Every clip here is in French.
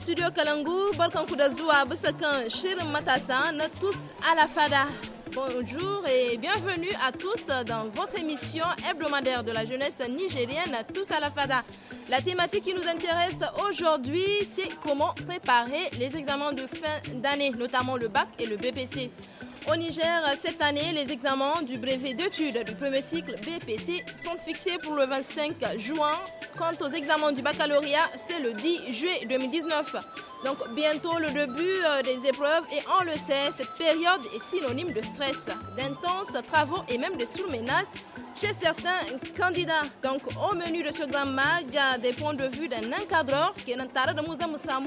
studio Kalangu, Balkan tous à la fada. Bonjour et bienvenue à tous dans votre émission hebdomadaire de la jeunesse nigérienne Tous à la Fada. La thématique qui nous intéresse aujourd'hui, c'est comment préparer les examens de fin d'année, notamment le bac et le BPC. Au Niger, cette année, les examens du brevet d'études du premier cycle BPC sont fixés pour le 25 juin. Quant aux examens du baccalauréat, c'est le 10 juillet 2019. Donc bientôt le début euh, des épreuves et on le sait, cette période est synonyme de stress, d'intenses travaux et même de surménage chez certains candidats. Donc au menu de ce grand mag, euh, des points de vue d'un encadreur qui est taré de Moussa Moussa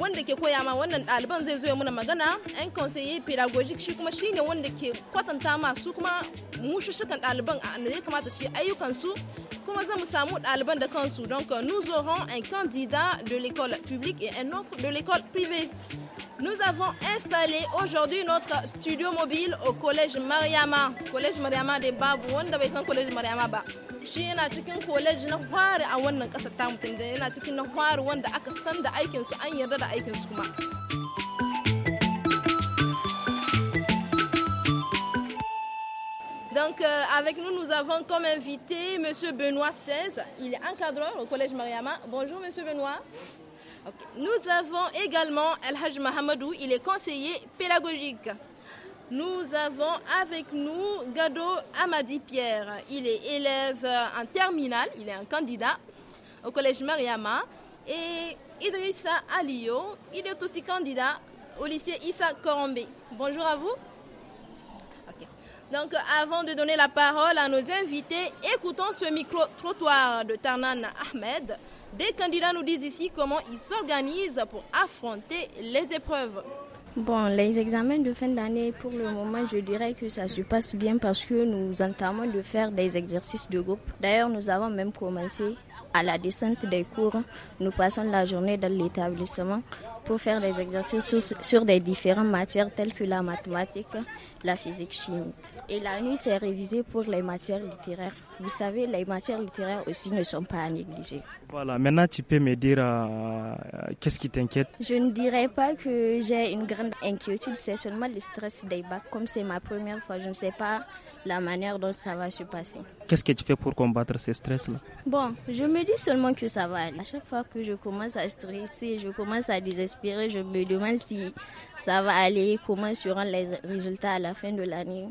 wanda ke koya ma wannan ɗaliban zai zo ya muna magana yan conseiller pedagogic shi kuma shine wanda ke kwatanta ma su kuma mushushukan ɗaliban a ya kamata su yi ayyukan su kuma zamu samu ɗaliban da kansu donc nous aurons un candidat de l'école publique et un autre de l'école privée nous avons installé aujourd'hui notre studio mobile au collège Mariama collège Mariama de Babu wanda bai san collège Mariama ba shi yana cikin college na fari a wannan ƙasar tamu tunda yana cikin na fari wanda aka san da aikin su an yarda avec kuma Donc, euh, avec nous, nous avons comme invité M. Benoît XVI. Il est encadreur au Collège Mariama. Bonjour, M. Benoît. Nous avons également El Haj Mahamadou. Il est conseiller pédagogique. Nous avons avec nous Gado Amadi Pierre. Il est élève en terminale. Il est un candidat au Collège Mariama. Et Idrissa Alio, il est aussi candidat au lycée Issa Korombe. Bonjour à vous. Donc, avant de donner la parole à nos invités, écoutons ce micro-trottoir de Tarnan Ahmed. Des candidats nous disent ici comment ils s'organisent pour affronter les épreuves. Bon, les examens de fin d'année, pour le moment, je dirais que ça se passe bien parce que nous entamons de faire des exercices de groupe. D'ailleurs, nous avons même commencé à la descente des cours, nous passons la journée dans l'établissement pour faire des exercices sur, des différentes matières telles que la mathématique, la physique, chimie. Et la nuit, c'est révisé pour les matières littéraires. Vous savez, les matières littéraires aussi ne sont pas à négliger. Voilà, maintenant tu peux me dire euh, euh, qu'est-ce qui t'inquiète Je ne dirais pas que j'ai une grande inquiétude, c'est seulement le stress des bacs. Comme c'est ma première fois, je ne sais pas la manière dont ça va se passer. Qu'est-ce que tu fais pour combattre ce stress-là Bon, je me dis seulement que ça va aller. À chaque fois que je commence à stresser, je commence à désespérer, je me demande si ça va aller, comment seront les résultats à la fin de l'année.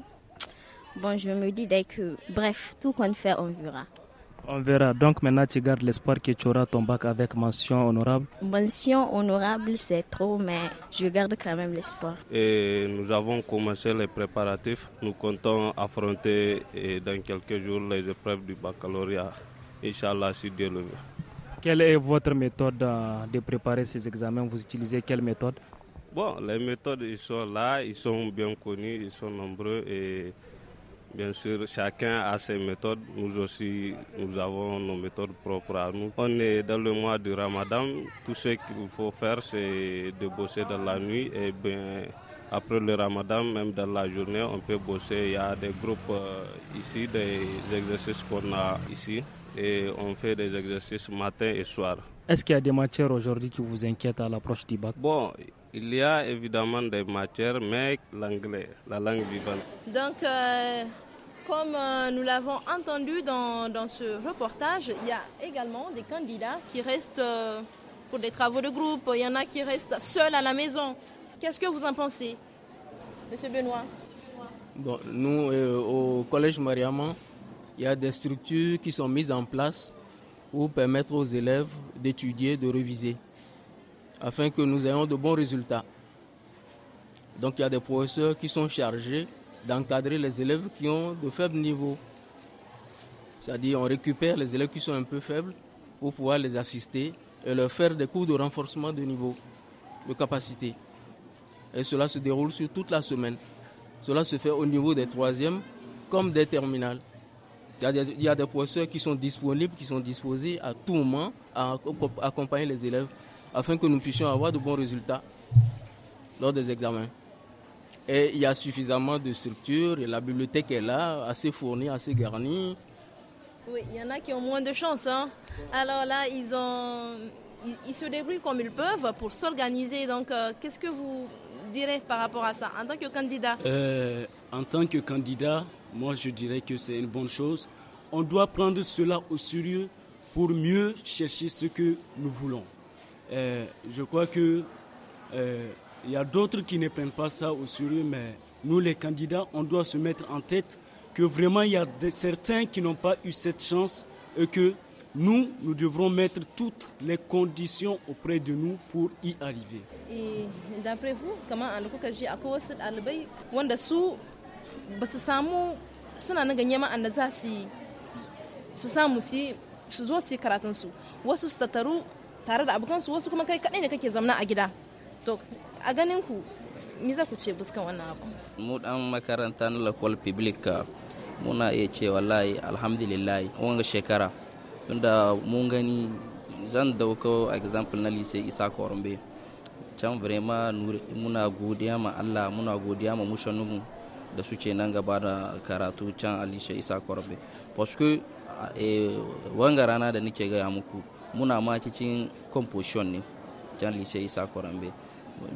Bon, je me dis dès que, bref, tout compte fait, on verra. On verra. Donc maintenant, tu gardes l'espoir que tu auras ton bac avec mention honorable. Mention honorable, c'est trop, mais je garde quand même l'espoir. Et nous avons commencé les préparatifs. Nous comptons affronter dans quelques jours les épreuves du baccalauréat. Inch'Allah, si Dieu le veut. Quelle est votre méthode euh, de préparer ces examens Vous utilisez quelle méthode Bon, les méthodes, ils sont là, ils sont bien connus, ils sont nombreux et Bien sûr, chacun a ses méthodes. Nous aussi, nous avons nos méthodes propres à nous. On est dans le mois du Ramadan. Tout ce qu'il faut faire, c'est de bosser dans la nuit. Et bien, après le Ramadan, même dans la journée, on peut bosser. Il y a des groupes euh, ici, des exercices qu'on a ici. Et on fait des exercices matin et soir. Est-ce qu'il y a des matières aujourd'hui qui vous inquiètent à l'approche du bac Bon, il y a évidemment des matières, mais l'anglais, la langue vivante. Donc, euh, comme euh, nous l'avons entendu dans, ce reportage, il y a également des candidats qui restent euh, pour des travaux de groupe, il y en a qui restent seuls à la maison. Qu'est-ce que vous en pensez, Monsieur Benoît Nous, euh, au Collège Mariaman, il y a des structures qui sont mises en place pour permettre aux élèves d'étudier, de réviser, afin que nous ayons de bons résultats. Donc il y a des professeurs qui sont chargés d'encadrer les élèves qui ont de faibles niveaux. C'est-à-dire on récupère les élèves qui sont un peu faibles pour pouvoir les assister et leur faire des cours de renforcement de niveau, de capacité. Et cela se déroule sur toute la semaine. Cela se fait au niveau des troisièmes comme des terminales. Il y a des professeurs qui sont disponibles, qui sont disposés à tout moment à accompagner les élèves afin que nous puissions avoir de bons résultats lors des examens. Et il y a suffisamment de structures, et la bibliothèque est là, assez fournie, assez garnie. Oui, il y en a qui ont moins de chance. Hein. Alors là, ils, ont, ils, se débrouillent comme ils peuvent pour s'organiser. Donc, euh, qu'est-ce que vous direz par rapport à ça en tant que candidat euh, En tant que candidat, moi, je dirais que c'est une bonne chose. On doit prendre cela au sérieux pour mieux chercher ce que nous voulons. Euh, je crois que il y a d'autres qui ne prennent pas ça au sérieux, mais nous, les candidats, on doit se mettre en tête que vraiment, il y a de, certains qui n'ont pas eu cette chance et que nous, nous devrons mettre toutes les conditions auprès de nous pour y arriver. Et d'après vous, comment on peut agir à cause de l'albay Wanda su basu samu suna nan ganye a anda za su su samu su su zo su karatun su wasu su tattaru tare da abokan su wasu kuma kai kadai ne kake zamna a gida to a ganin ku me za ku ce buskan wannan abu mu dan makarantar na lakwal muna iya ce wallahi alhamdulillah wanga shekara tunda mun gani zan dauko example na lise isa korombe can vrema muna godiya ma allah muna godiya ma mushanumu da suke nan gaba da karatu can alisha isa korombe paske eh, wanga rana da nike gaya muku muna ma cikin composition ne can lise isa korombe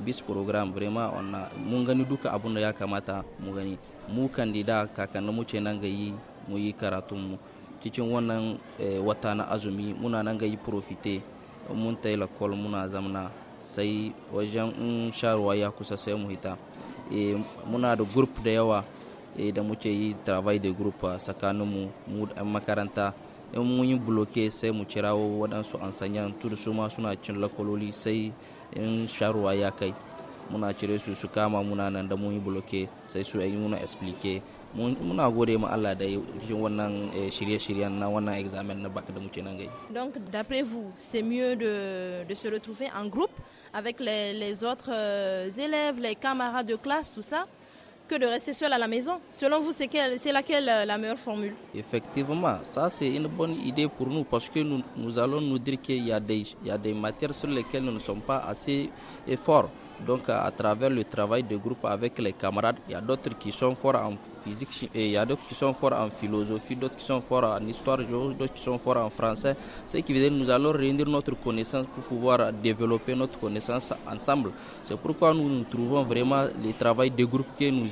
bis program vraiment on mun gani duka abun da ya kamata mu gani mu kandida kakanni mu ce nan ga yi mu yi karatun mu cikin wannan eh, wata na azumi muna nan ga yi profite mun ta lakol muna zamna sai wajen in sharuwa ya kusa sai mu hita eh, muna da group da yawa eh, da muke yi travail de group tsakanin mu makaranta in mun yi bloke sai mu kirawo waɗansu ansanyan tudu su ma suna cin lakololi sai in sharuwa ya kai muna cire su su kama muna nan da mun yi bloke sai su yi muna explike muna gode ma Allah da wannan eh, shirye-shiryen na wannan examen na bac da muke nan gai. Donc d'après vous, c'est mieux de, de se retrouver en groupe avec les, les autres euh, élèves, les camarades de classe, tout ça que de rester seul à la maison. Selon vous, c'est laquelle euh, la meilleure formule Effectivement, ça c'est une bonne idée pour nous parce que nous, allons nous dire qu'il y, a des, il des matières sur lesquelles nous ne sommes pas assez forts. Donc à, travers le travail de groupe avec les camarades, il y a d'autres qui sont forts en, physique. il y a d'autres qui sont forts en philosophie, d'autres qui sont forts en histoire, d'autres qui sont forts en français. Ce qui veut dire que nous allons réunir notre connaissance pour pouvoir développer notre connaissance ensemble. C'est pourquoi nous nous trouvons vraiment le travail de groupe que nous,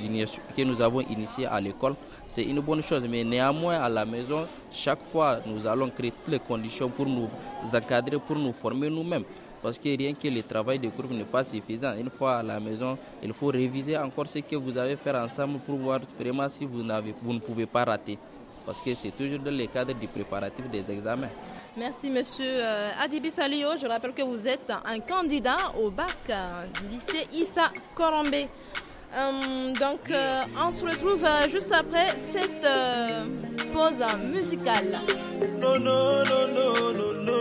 que nous avons initié à l'école. C'est une bonne chose, mais néanmoins à la maison, chaque fois, nous allons créer toutes les conditions pour nous encadrer, pour nous former nous-mêmes. Parce que rien que le travail de groupe n'est pas suffisant. Une fois à la maison, il faut réviser encore ce que vous avez fait ensemble pour voir vraiment si vous, vous ne pouvez pas rater. Parce que c'est toujours dans le cadre du préparatif des examens. Merci, monsieur euh, Adibi Salio. Je rappelle que vous êtes un candidat au bac euh, du lycée Issa Korombe. Euh, donc, on se retrouve juste après cette pause musicale. Non, non, non,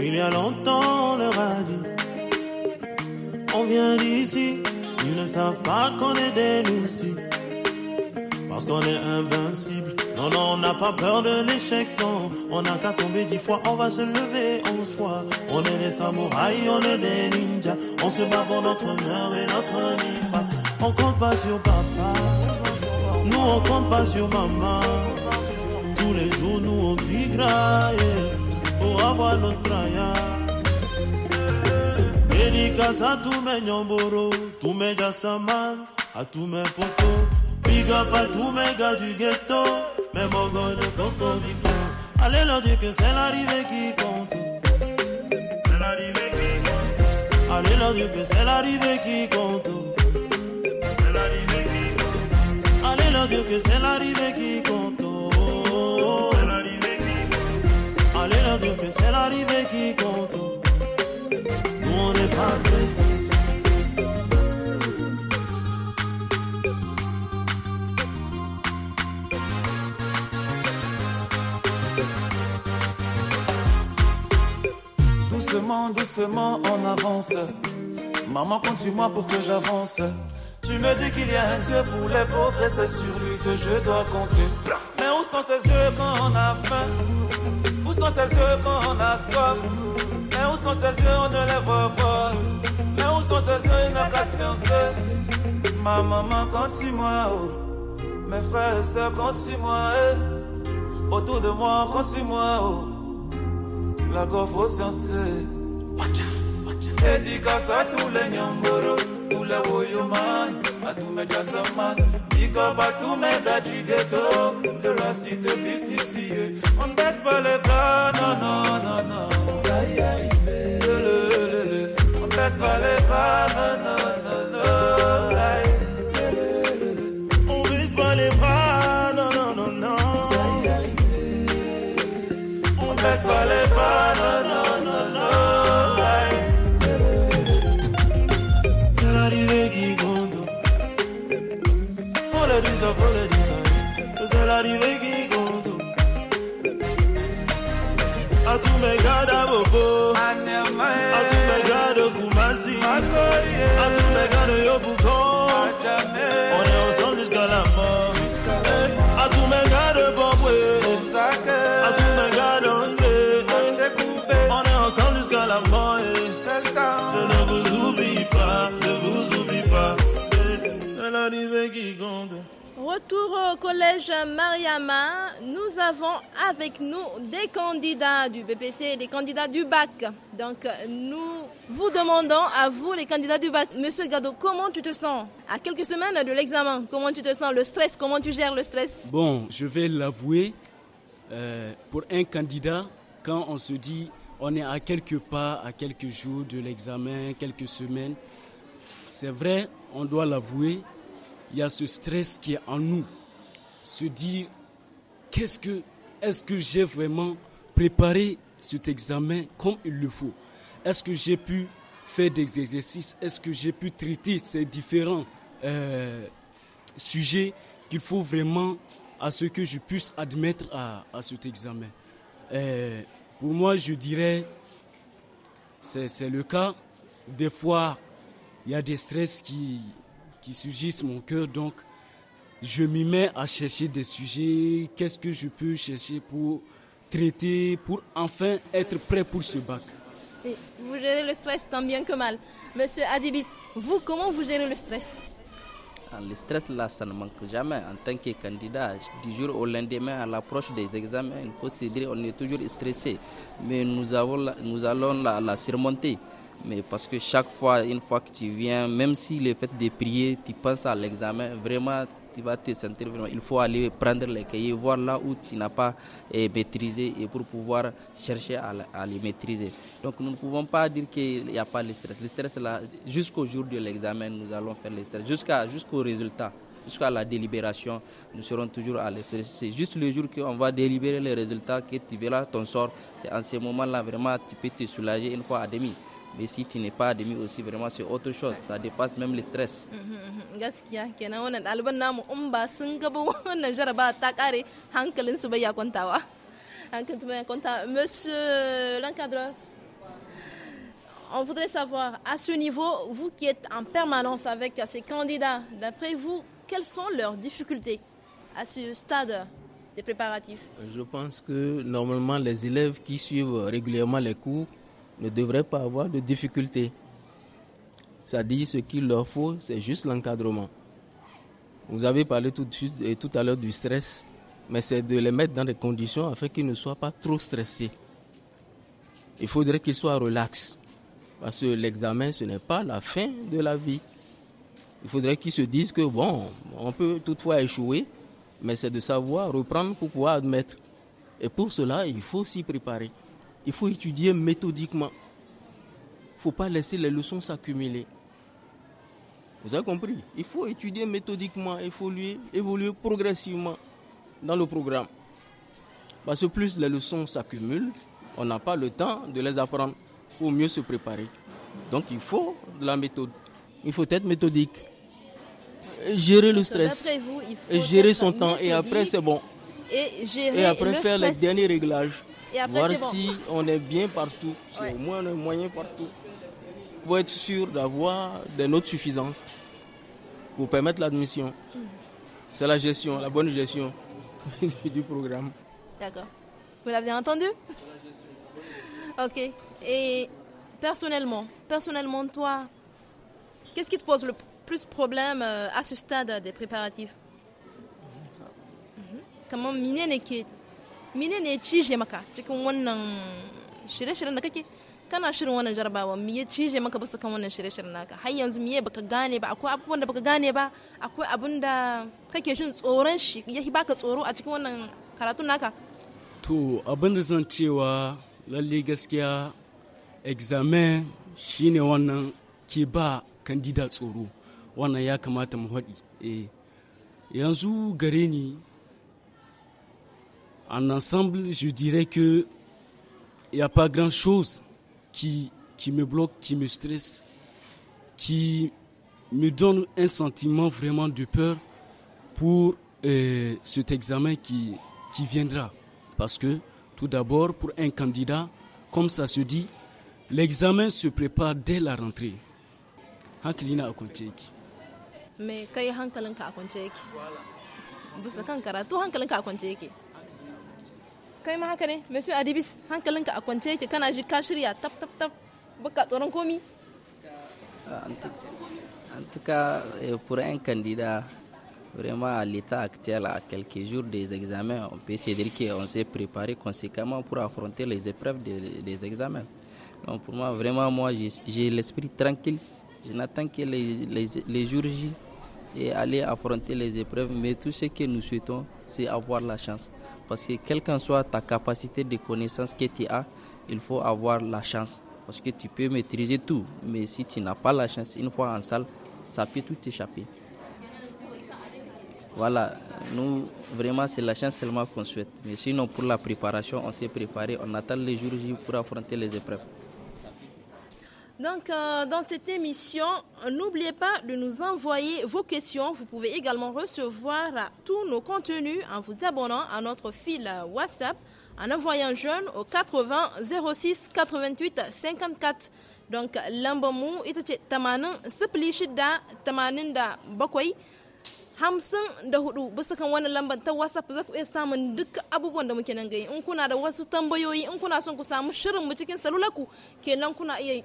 il y a longtemps, on leur a dit On vient d'ici, ils ne savent pas qu'on est des Parce qu'on est invincible. Non, non, on n'a pas peur de l'échec, non. On n'a qu'à tomber dix fois, on va se lever onze fois. On est des samouraïs, on est des ninjas. On se bat pour notre mère et notre nifa. On compte pas sur papa nous on compte maman. Tous les jours nous on pour avoir notre craya. Dédicace à tous mes nyamboro, tous mes à tous mes potos. Big up à tous mes gars du ghetto, mes mogos de Allez leur dire que c'est l'arrivée qui compte. C'est l'arrivée qui compte. Allez leur dire que c'est l'arrivée qui compte. la dire que c'est l'arrivée qui compte. C'est qui compte. Allez la dire que c'est l'arrivée qui compte. Nous on n'est pas pressés. Doucement, doucement, on avance. Maman, compte sur moi pour que j'avance. Tu me dis qu'il y a un Dieu pour les pauvres et c'est sur lui que je dois compter. Mais où sont ces yeux quand on a faim Où sont ces yeux quand on a soif Mais où sont ces yeux, on ne les voit pas. Mais où sont ces yeux, il n'a qu'à science Ma maman, compte sur moi. Oh. Mes frères et sœurs, compte sur moi. Eh. Autour de moi, compte sur moi. Oh. La gorge au sciences. Eh. Dédicace à tous les nyamboros. Ula woyo man, atume jasa man Big up atume da jigeto De la cité PCCA On baisse pas les bras, non, non, non, non On va y arriver, le, le, le On baisse pas les bras, non, non, non, non Tour Collège Mariama, nous avons avec nous des candidats du BPC des candidats du bac. Donc nous vous demandons à vous, les candidats du bac, Monsieur Gado, comment tu te sens à quelques semaines de l'examen Comment tu te sens Le stress, comment tu gères le stress Bon, je vais l'avouer, euh, pour un candidat, quand on se dit on est à quelques pas, à quelques jours de l'examen, quelques semaines, c'est vrai, on doit l'avouer, il y a ce stress qui est en nous. Se dire, qu'est-ce que, est-ce que j'ai vraiment préparé cet examen comme il le faut Est-ce que j'ai pu faire des exercices Est-ce que j'ai pu traiter ces différents euh, sujets qu'il faut vraiment à ce que je puisse admettre à, cet examen euh, Pour moi, je dirais, c'est le cas. Des fois, il y a des stress qui, qui surgissent mon cœur. Donc, je m'y mets à chercher des sujets. Qu'est-ce que je peux chercher pour traiter, pour enfin être prêt pour ce bac vous gérez le stress tant bien que mal. Monsieur Adibis, vous, comment vous gérez le stress ah, le stress, là, ça ne manque jamais. En tant que candidat, du jour au lendemain, à l'approche des examens, il faut se dire on est toujours stressé. Mais nous, avons, nous allons la surmonter. Mais parce que chaque fois, une fois que tu viens, même si le fait de prier, tu penses à l'examen, vraiment, tu vas te sentir vraiment. Il faut aller prendre les cahiers, voir là où tu n'as pas eh, maîtrisé et pour pouvoir chercher à, les maîtriser. Donc nous ne pouvons pas dire qu'il n'y a pas de stress. Le stress là, jusqu'au jour de l'examen, nous allons faire le stress, jusqu'à, jusqu'au résultat. Jusqu'à la délibération, nous serons toujours à stress C'est juste le jour qu'on va délibérer les résultats que tu verras ton sort. C'est en ce moment-là, vraiment, tu peux te soulager une fois à demi mais si tu n'es pas admis aussi vraiment sur autre chose ça dépasse même le stress mm-hmm. monsieur l'encadreur on voudrait savoir à ce niveau vous qui êtes en permanence avec ces candidats d'après vous quelles sont leurs difficultés à ce stade des préparatifs Je pense que normalement les élèves qui suivent régulièrement les cours ne devraient pas avoir de difficultés. Ça dit, ce qu'il leur faut, c'est juste l'encadrement. Vous avez parlé tout, de suite et euh, tout à l'heure du stress, mais c'est de les mettre dans des conditions afin qu'ils ne soient pas trop stressés. Il faudrait qu'ils soient relax, parce que l'examen, ce n'est pas la fin de la vie. Il faudrait qu'ils se disent que, bon, on peut toutefois échouer, mais c'est de savoir reprendre pour pouvoir admettre. Et pour cela, il faut s'y préparer. Il faut étudier méthodiquement. Il ne faut pas laisser les leçons s'accumuler. Vous avez compris Il faut étudier méthodiquement, évoluer, évoluer progressivement dans le programme. Parce que plus les leçons s'accumulent, on n'a pas le temps de les apprendre pour mieux se préparer. Donc il faut de la méthode. Il faut être méthodique. Gérer le stress. et gérer son temps. Et après, c'est bon. Et, après, faire les derniers réglages. Et voir si on est bien partout, si au moins on est moyen partout, pour être sûr d'avoir des notes suffisantes pour permettre l'admission. Mm. C'est la gestion, la bonne gestion du programme. D'accord. Vous l'avez entendu Ok. Et personnellement, personnellement toi, qu'est-ce qui te pose le plus problème euh, à ce stade des préparatifs mm-hmm. Comment miner équipe mine ne cije maka cikin wannan shirye-shiryen da kake kana shirin wannan jarabawa mi ya cije maka bisa kan wannan shirye-shiryen naka har yanzu miye baka gane ba akwai abubuwan da baka gane ba akwai abin da kake shin tsoron shi ya baka tsoro a cikin wannan karatun naka to abin da zan cewa lalle gaskiya examen shine wannan ke ba kandida tsoro wannan ya kamata mu haɗi eh yanzu gare ni En ensemble, je dirais que il n'y a pas grand-chose qui, qui me bloque, qui me stresse, qui me donne un sentiment vraiment de peur pour euh, cet examen qui, qui viendra. Parce que, tout d'abord, pour un candidat, comme ça se dit, l'examen se prépare dès la rentrée. Mais quand y a monsieur adibis en tout cas pour un candidat vraiment à l'état actuel à quelques jours des examens on peut se dire qu'on s'est préparé conséquemment pour affronter les épreuves des examens donc pour moi vraiment moi j'ai l'esprit tranquille je n'attends que les, les, les jours J et aller affronter les épreuves mais tout ce que nous souhaitons c'est avoir la chance parce que quelle qu'en soit ta capacité de connaissance que tu as, il faut avoir la chance. Parce que tu peux maîtriser tout. Mais si tu n'as pas la chance, une fois en salle, ça peut tout échapper. Voilà, nous, vraiment, c'est la chance seulement qu'on souhaite. Mais sinon, pour la préparation, on s'est préparé, on attend les jours pour affronter les épreuves. Donc, euh, dans cette émission, n'oubliez pas de nous envoyer vos questions. Vous pouvez également recevoir tous nos contenus en vous abonnant à notre fil WhatsApp en envoyant jeune au 80 06 88 54. Donc, l'ambamou itace tamanin sifili shida tamanin da bakwai hamsin da hudu ta whatsapp za ku iya samun duk abubuwan da muke nan gai in kuna da wasu tambayoyi in kuna son ku samu shirin mu cikin salularku kenan kuna iya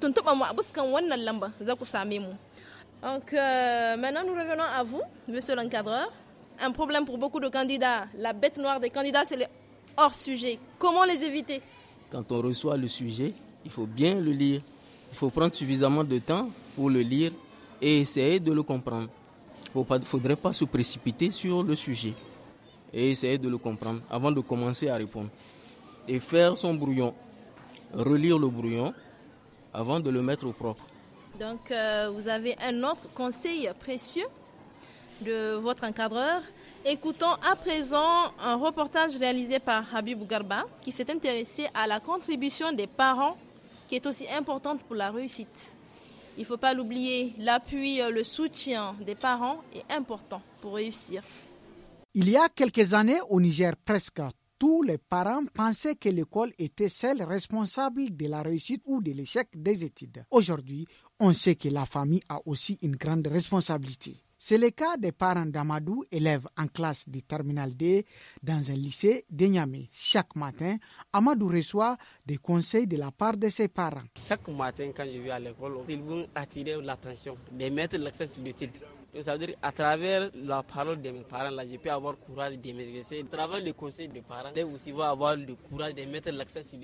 wannan za ku same mu donc euh, maintenant nous revenons à vous monsieur l'encadreur un problème pour beaucoup de candidats la bête noire des candidats c'est les hors sujet comment les éviter quand on reçoit le sujet il faut bien le lire il faut prendre suffisamment de temps pour le lire et essayer de le comprendre il ne faudrait pas se précipiter sur le sujet et essayer de le comprendre avant de commencer à répondre et faire son brouillon relire le brouillon avant de le mettre au propre. Donc, euh, vous avez un autre conseil précieux de votre encadreur. Écoutons à présent un reportage réalisé par Habib Garba qui s'est intéressé à la contribution des parents qui est aussi importante pour la réussite. Il ne faut pas l'oublier, l'appui, euh, le soutien des parents est important pour réussir. Il y a quelques années au Niger, presque tous les parents pensaient que l'école était celle responsable de la réussite ou de l'échec des études. Aujourd'hui, on sait que la famille a aussi une grande responsabilité. C'est le cas des parents d'Amadou, élève en classe de Terminal D dans un lycée de Niamey. Chaque matin, Amadou reçoit des conseils de la part de ses parents. Chaque matin, quand je vais à l'école, ils vont attirer l'attention, de mettre l'accent sur l'étude ça veut dire à travers la parole de mes parents, là, je avoir le courage de À travers des parents, aussi avoir le courage de mettre l'accent sur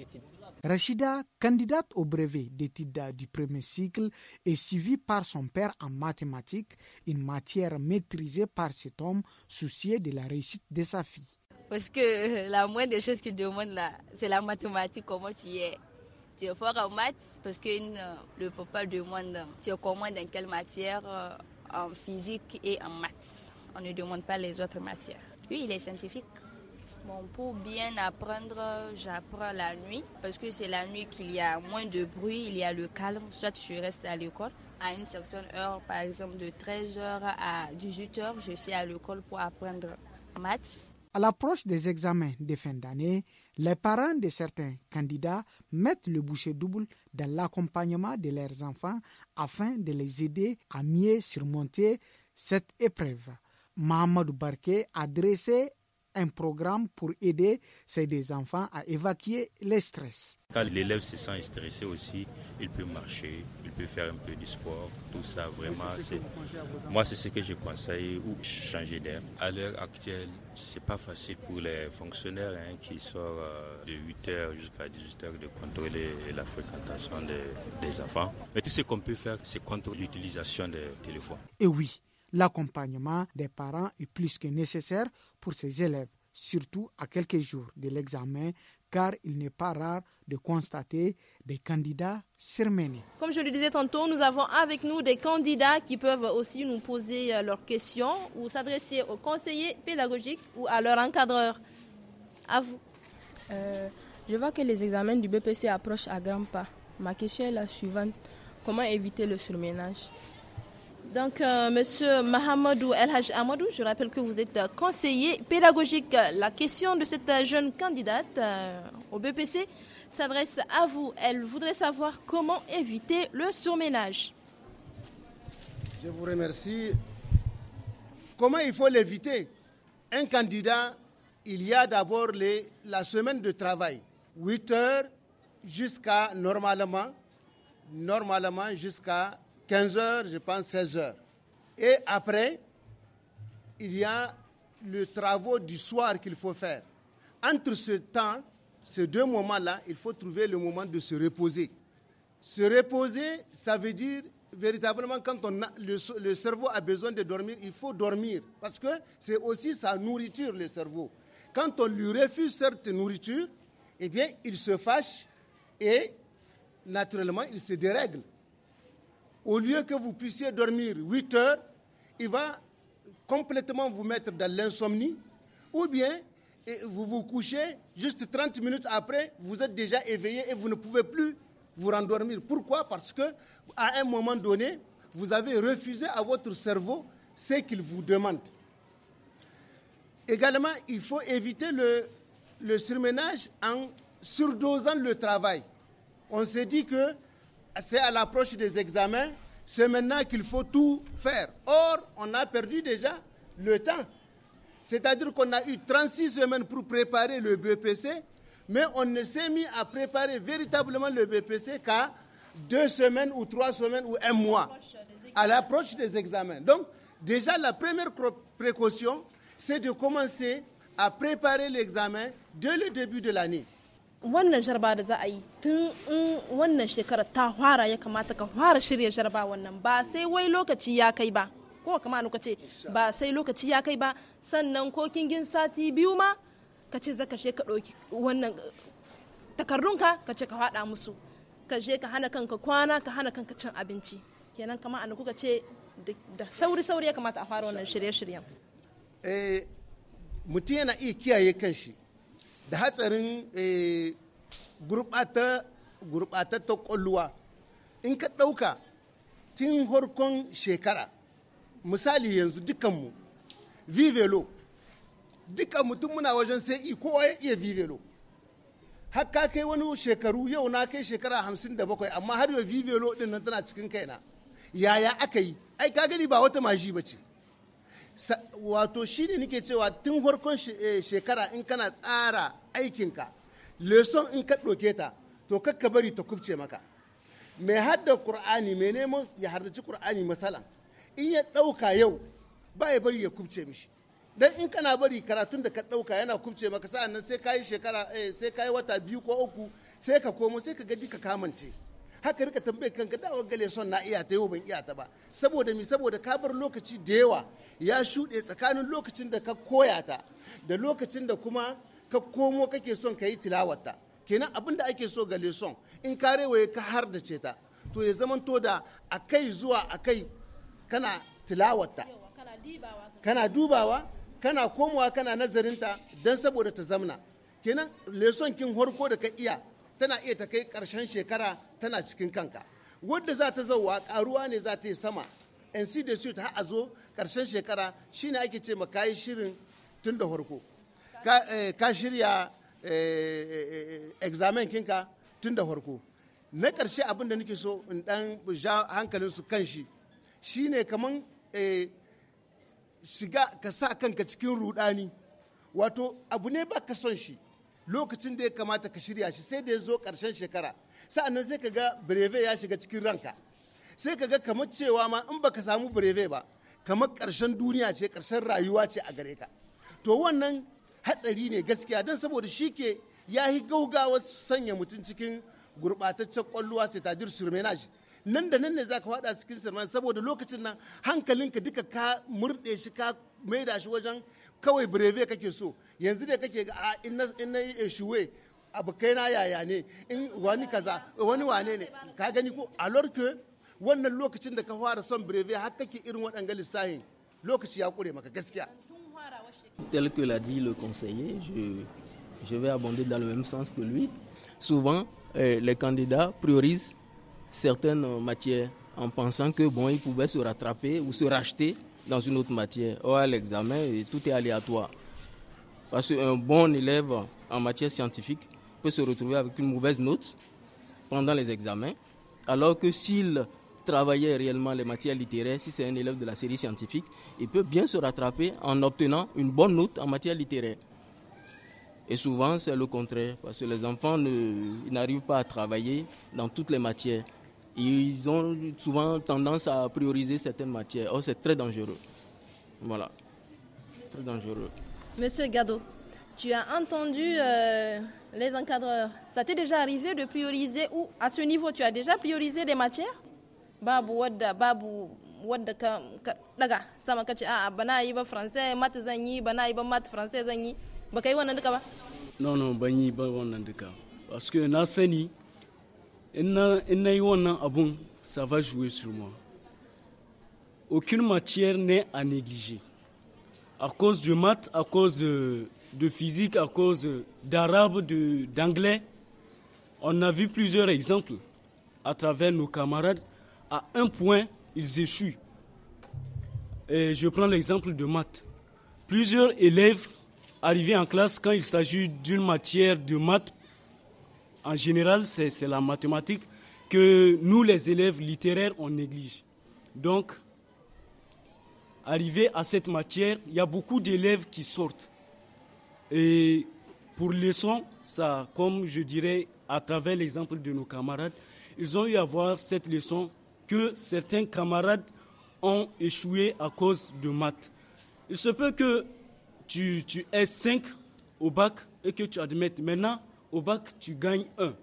Rachida, candidate au brevet d'études du premier cycle, est suivie par son père en mathématiques, une matière maîtrisée par cet homme soucié de la réussite de sa fille. Parce que la moindre des choses qu'il demande là, c'est la mathématique, comment tu es. Tu es fort en maths parce que euh, le papa demande tu es comment dans quelle matière euh, en physique et en maths. On ne demande pas les autres matières. Lui, il est scientifique. Bon, pour bien apprendre, j'apprends la nuit parce que c'est la nuit qu'il y a moins de bruit, il y a le calme. Soit je reste à l'école à une certaine heure, par exemple de 13h à 18h, je suis à l'école pour apprendre maths. À l'approche des examens de fin d'année, les parents de certains candidats mettent le boucher double dans l'accompagnement de leurs enfants afin de les aider à mieux surmonter cette épreuve. Mohamed Barke a dressé un programme pour aider ces enfants à évacuer le stress. Quand l'élève se sent stressé aussi, il peut marcher, il peut faire un peu de sport, tout ça vraiment. c'est moi, c'est ce que je conseille ou changer d'air. À l'heure actuelle, c'est pas facile pour les fonctionnaires hein, qui sortent euh, de 8h jusqu'à 18h de contrôler la fréquentation des, des enfants. Mais tout ce qu'on peut faire, c'est contre l'utilisation des téléphones. Et oui, l'accompagnement des parents est plus que nécessaire pour ses élèves, surtout à quelques jours de l'examen, car il n'est pas rare de constater des candidats surmenés. Comme je le disais tantôt, nous avons avec nous des candidats qui peuvent aussi nous poser euh, leurs questions ou s'adresser aux conseillers pédagogiques ou à leur encadreur. À vous. Euh, je vois que les examens du BPC approchent à grands pas. Ma question est la suivante. Comment éviter le surménage donc, M. Euh, Monsieur Mahamadou El Amadou, je rappelle que vous êtes conseiller pédagogique. La question de cette jeune candidate euh, au BPC s'adresse à vous. Elle voudrait savoir comment éviter le surménage. Je vous remercie. Comment il faut l'éviter Un candidat, il y a d'abord la semaine de travail, 8 heures jusqu'à normalement, normalement jusqu'à 15 heures, je pense 16 heures. Et après, il y a le travaux du soir qu'il faut faire. Entre ce temps, ces deux moments-là, il faut trouver le moment de se reposer. Se reposer, ça veut dire véritablement quand on a, le, le, cerveau a besoin de dormir, il faut dormir parce que c'est aussi sa nourriture le cerveau. Quand on lui refuse cette nourriture, eh bien, il se fâche et naturellement, il se dérègle. Au lieu que vous puissiez dormir 8 heures, il va complètement vous mettre dans l'insomnie. Ou bien vous vous couchez, juste 30 minutes après, vous êtes déjà éveillé et vous ne pouvez plus vous rendormir. Pourquoi Parce que à un moment donné, vous avez refusé à votre cerveau ce qu'il vous demande. Également, il faut éviter le, le surménage en surdosant le travail. On s'est dit que c'est à l'approche des examens, c'est maintenant qu'il faut tout faire. Or, on a perdu déjà le temps. C'est-à-dire qu'on a eu 36 semaines pour préparer le BPC, mais on ne s'est mis à préparer véritablement le BPC qu'à deux semaines ou trois semaines ou un mois, à l'approche des examens. Donc, déjà, la première précaution, c'est de commencer à préparer l'examen dès le début de l'année. wannan jarba da za a yi tun in wannan shekarar ta fara ya kamata ka fara shirya jarba wannan ba sai wai lokaci ya kai ba ko kama ka ce ba sai lokaci ya kai ba sannan ko kingin sati biyu ma ka ce zaka she ka ɗauki wannan takardunka ka ce ka faɗa musu ka je ka hana kanka kwana ka hana kanka cin abinci kenan kama an kuka ce da sauri sauri ya kamata a fara wannan shirye-shiryen eh, mutum yana iya kiyaye kanshi da hatsarin eh, gurɓatattar kwalluwa in ka ɗauka tun harkon shekara misali yanzu dukanmu vivelo dukan mutum muna wajen sai e, kowa ya iya vivelo har ka kai wani shekaru yau na kai shekara hamsin da bakwai amma har yau vivelo ɗin nan tana cikin kaina yaya aka yi ai ka gani ba wata maji ba ce wato shi ne nake cewa tun farkon eh, shekara in kana tsara aikinka leson in ka ɗauke ta to kakka bari ta kubce maka mai hadda kur'ani mai neman ya hardaci kur'ani masalan in ya ɗauka yau ba ya bari ya kubce mishi dan in kana bari karatun da ka ɗauka yana kubce maka sa'annan sai kayi shekara eh, wata biyu ko uku sai ka komo sai ka gaji ka kamance haka rika tambayi kanka da gale leson na iya ta yau ban iya ta ba saboda mi saboda ka bar lokaci da yawa ya shuɗe tsakanin lokacin da ka koya ta da lokacin da kuma ka komo kake son ka yi tilawarta kenan abin da ake so ga leson in ka rewaye ka har da ce ta to ya zamanto da akai zuwa akai kana tilawarta kana dubawa kana komowa kana nazarinta don saboda ta zamna kenan leson kin harko da ka iya tana iya ta kai ƙarshen shekara tana cikin kanka wadda za ta zauwa ƙaruwa ne za ta yi sama nc da suit ta a zo ƙarshen shekara shine ake ce ma kayi shirin tun da farko ka eh, shirya eh, eh, examen kinka tun da farko na ƙarshe abin da nake so in dan ja su kan shi shine kaman shiga ka sa kanka cikin rudani wato abu ne ba ka son shi lokacin da ya kamata ka shirya shi sai da ya zo ƙarshen shekara sa'annan sai ka ga breve ya shiga cikin ranka sai ka ga kamar cewa ma in baka samu breve ba kamar ƙarshen duniya ce ƙarshen rayuwa ce a gare ka to wannan hatsari ne gaskiya don saboda shi ke ya yi gaugawa sanya mutum cikin gurɓataccen ƙwallowa sai tajir surmenaji nan da nan ne za ka faɗa cikin surmenaji saboda lokacin nan hankalinka duka ka murɗe shi ka maida shi wajen kawai breve kake so yanzu da kake ga ah, in na eshuwe abu kaina na yaya ne in wani kaza wani wane ne ka gani ko a lorke wannan lokacin da ka fara son breve har kake irin waɗanga lissahin lokaci ya kure maka gaskiya tel que l'a dit le conseiller je je vais abonder dans le même sens que lui souvent euh, les candidats priorisent certaines matières en pensant que bon ils pouvaient se rattraper ou se racheter dans une autre matière. Or, à l'examen, tout est aléatoire. Parce qu'un bon élève en matière scientifique peut se retrouver avec une mauvaise note pendant les examens, alors que s'il travaillait réellement les matières littéraires, si c'est un élève de la série scientifique, il peut bien se rattraper en obtenant une bonne note en matière littéraire. Et souvent, c'est le contraire, parce que les enfants n'arrivent pas à travailler dans toutes les matières ils ont souvent tendance à prioriser certaines matières. Oh, c'est très dangereux. Voilà. Très dangereux. Monsieur Gado, tu as entendu euh, les encadreurs. Ça t'est déjà arrivé de prioriser ou à ce niveau, tu as déjà priorisé des matières wadda, wadda daga français français Non non ban yi ba parce que na ça va jouer sur moi aucune matière n'est à négliger à cause de maths à cause de, physique à cause d'arabe d'anglais on a vu plusieurs exemples à travers nos camarades à un point ils échouent je prends l'exemple de maths plusieurs élèves arrivés en classe quand il s'agit d'une matière de maths en général, c'est la mathématique que nous, les élèves littéraires, on néglige. Donc, arrivé à cette matière, il y a beaucoup d'élèves qui sortent. Et pour leçon, ça, comme je dirais, à travers l'exemple de nos camarades, ils ont eu à voir cette leçon que certains camarades ont échoué à cause de maths. Il se peut que tu, tu aies 5 au bac et que tu admettes. Maintenant, au bac, tu gagnes 1.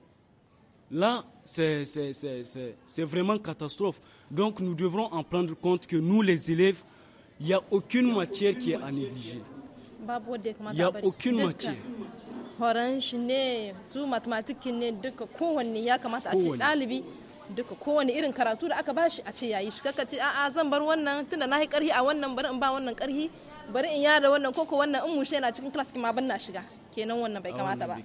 Là, c'est vraiment catastrophe. Donc, nous devrons en prendre compte que nous, les élèves, il n'y a aucune matière qui est à négliger. Il n'y a aucune matière. Orange ne, su mathématiques ne, duka kowanne ya kamata a ce ɗalibi duka kowane irin karatu da aka bashi a ce yayi shi kaka a a'a zan bar wannan tunda na yi karhi a wannan bari in ba wannan karhi bari in yada wannan koko wannan in mushe na cikin class ki ma ban na shiga kenan wannan bai kamata ba.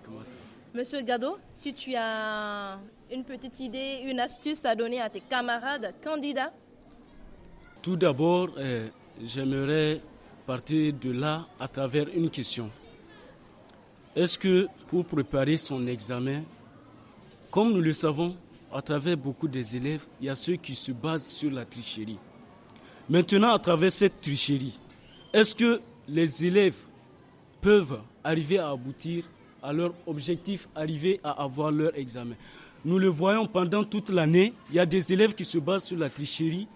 Monsieur Gado, si tu as une petite idée, une astuce à donner à tes camarades candidats Tout d'abord, euh, j'aimerais partir de là à travers une question. Est-ce que pour préparer son examen, comme nous le savons, à travers beaucoup des élèves, il y a ceux qui se basent sur la tricherie. Maintenant, à travers cette tricherie, est-ce que les élèves peuvent arriver à aboutir à leur objectif, arriver à avoir leur examen. Nous le voyons pendant toute l'année, il y a des élèves qui se basent sur la tricherie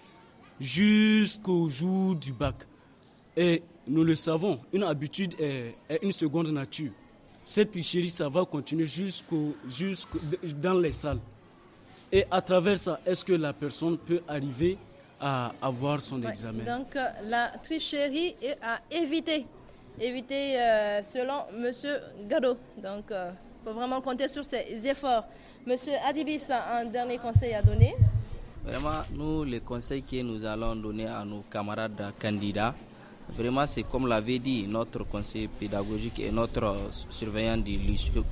jusqu'au jour du bac. Et nous le savons, une habitude est, une seconde nature. Cette tricherie, ça va continuer jusqu'au, jusqu'au, dans les salles. Et à travers ça, est-ce que la personne peut arriver à avoir son examen Donc euh, la tricherie est à éviter éviter euh, selon M. Gado. Donc, il euh, faut vraiment compter sur ses efforts. M. Adibis, un dernier conseil à donner Vraiment, nous, les conseils que nous allons donner à nos camarades candidats, vraiment, c'est comme l'avait dit notre conseiller pédagogique et notre euh, surveillant du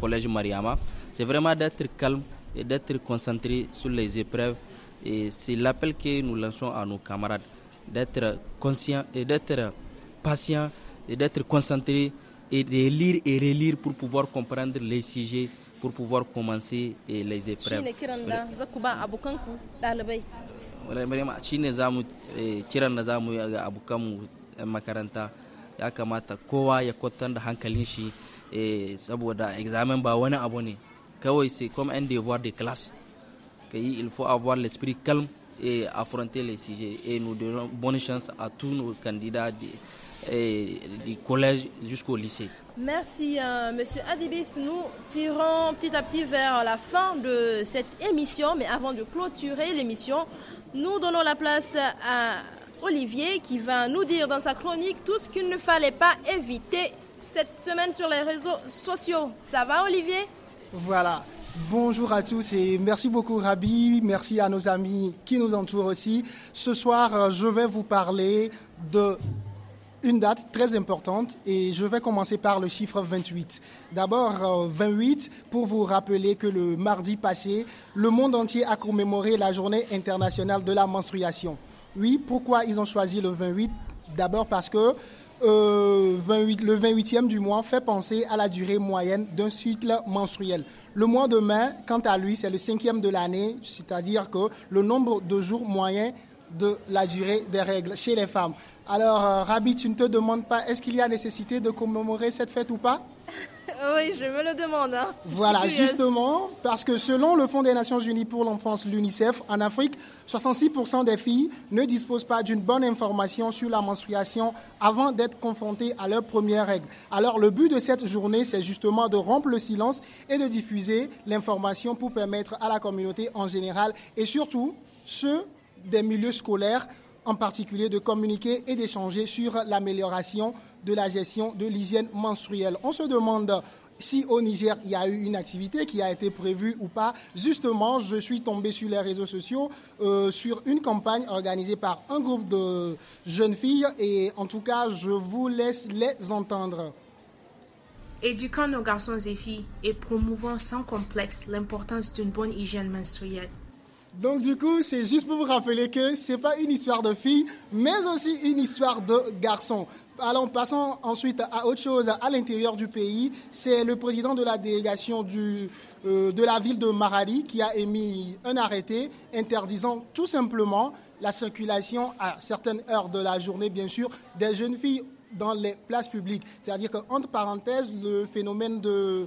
collège Mariama, c'est vraiment d'être calme et d'être concentré sur les épreuves. Et c'est l'appel que nous lançons à nos camarades, d'être conscients et d'être patients et d'être concentré et de lire et relire pour pouvoir comprendre les sujets, pour pouvoir commencer les épreuves. je zamu kiran da zamu eh, yi ga abokanmu 'yan makaranta ya kamata kowa ya kwatar da hankalin shi eh, saboda examen ba wani abu ne kawai sai comme un devoir de classe que il faut avoir l'esprit calme et affronter les sujets et nous donnons bonne chance à tous nos candidats et du collège jusqu'au lycée. Merci, M. Euh, Monsieur Adibis. Nous tirons petit à petit vers la fin de cette émission, mais avant de clôturer l'émission, nous donnons la place à Olivier qui va nous dire dans sa chronique tout ce qu'il ne fallait pas éviter cette semaine sur les réseaux sociaux. Ça va, Olivier Voilà. Bonjour à tous et merci beaucoup Rabi, merci à nos amis qui nous entourent aussi. Ce soir, euh, je vais vous parler de une date très importante et je vais commencer par le chiffre 28. D'abord 28 euh, pour vous rappeler que le mardi passé, le monde entier a commémoré la journée internationale de la menstruation. Oui, pourquoi ils ont choisi le 28 D'abord parce que euh, le 28e du mois fait penser à la durée moyenne d'un cycle menstruel. Le mois de mai, quant à lui, c'est le cinquième de l'année, c'est-à-dire que le nombre de jours moyens de la durée des règles chez les femmes. Alors, euh, Rabi, tu ne te demandes pas, est-ce qu'il y a nécessité de commémorer cette fête ou pas Oui, je me le demande. Hein. Voilà, justement, parce que selon le Fonds des Nations Unies pour l'enfance, l'UNICEF, en Afrique, 66% des filles ne disposent pas d'une bonne information sur la menstruation avant d'être confrontées à leurs premières règles. Alors, le but de cette journée, c'est justement de rompre le silence et de diffuser l'information pour permettre à la communauté en général et surtout ceux des milieux scolaires, en particulier de communiquer et d'échanger sur l'amélioration de la gestion de l'hygiène menstruelle. On se demande si au Niger il y a eu une activité qui a été prévue ou pas. Justement, je suis tombé sur les réseaux sociaux euh, sur une campagne organisée par un groupe de jeunes filles et en tout cas, je vous laisse les entendre. Éduquons nos garçons et filles et promouvant sans complexe l'importance d'une bonne hygiène menstruelle. Donc du coup, c'est juste pour vous rappeler que c'est pas une histoire de filles, mais aussi une histoire de garçons. Alors passons ensuite à autre chose à l'intérieur du pays. C'est le président de la délégation euh, de la ville de Maradi qui a émis un arrêté interdisant tout simplement la circulation à certaines heures de la journée, bien sûr, des jeunes filles dans les places publiques. C'est-à-dire qu'entre parenthèses, le phénomène de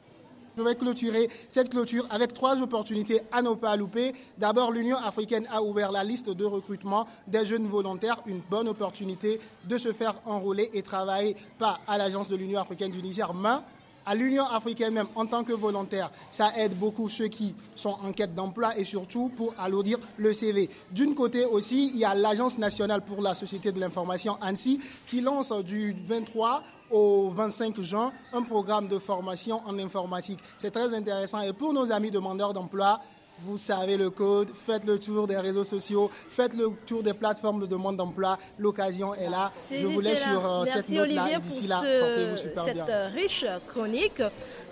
Je vais clôturer cette clôture avec trois opportunités à ne pas louper. D'abord, l'Union africaine a ouvert la liste de recrutement des jeunes volontaires, une bonne opportunité de se faire enrôler et travailler pas à l'agence de l'Union africaine du Niger, mais à l'Union africaine même en tant que volontaire, ça aide beaucoup ceux qui sont en quête d'emploi et surtout pour alourdir le CV. D'une côté aussi, il y a l'Agence nationale pour la société de l'information ANSI qui lance du 23 au 25 juin un programme de formation en informatique. C'est très intéressant et pour nos amis demandeurs d'emploi, vous savez le code, faites le tour des réseaux sociaux, faites le tour des plateformes de demande d'emploi. L'occasion est là. Ah, Je vous laisse sur euh, cette note-là. Olivier pour cette euh, riche chronique.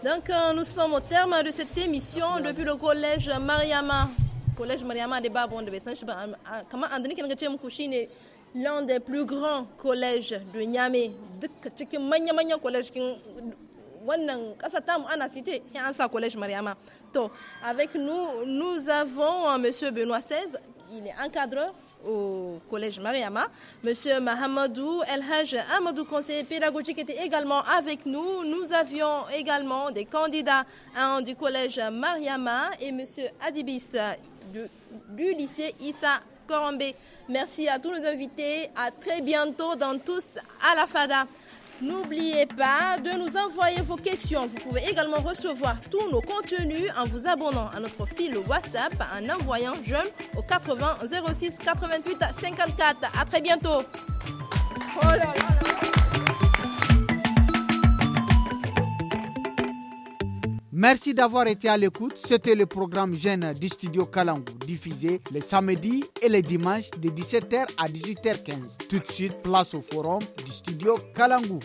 Donc, euh, nous sommes au terme de cette émission depuis le collège Mariama. Collège Mariama de Babon de um, ah, Comment André l'un des plus grands collèges de Niamey wannan tamu ana cité collège mariama avec nous nous avons euh, monsieur benoît 16, il est encadreur au collège Mariama. Monsieur Mahamadou Elhaj Amadou, conseiller pédagogique, était également avec nous. Nous avions également des candidats hein, du collège Mariama et monsieur Adibis du, du lycée Issa Korombé. Merci à tous nos invités. À très bientôt dans tous à la FADA. N'oubliez pas de nous envoyer vos questions. Vous pouvez également recevoir tous nos contenus en vous abonnant à notre fil WhatsApp en envoyant jeune au 80 06 88 54. À très bientôt. Oh Merci d'avoir été à l'écoute. C'était le programme Jeunes du studio Kalangu, diffusé les samedis et les dimanches de 17h à 18h15. Tout de suite, place au forum du studio Kalangu.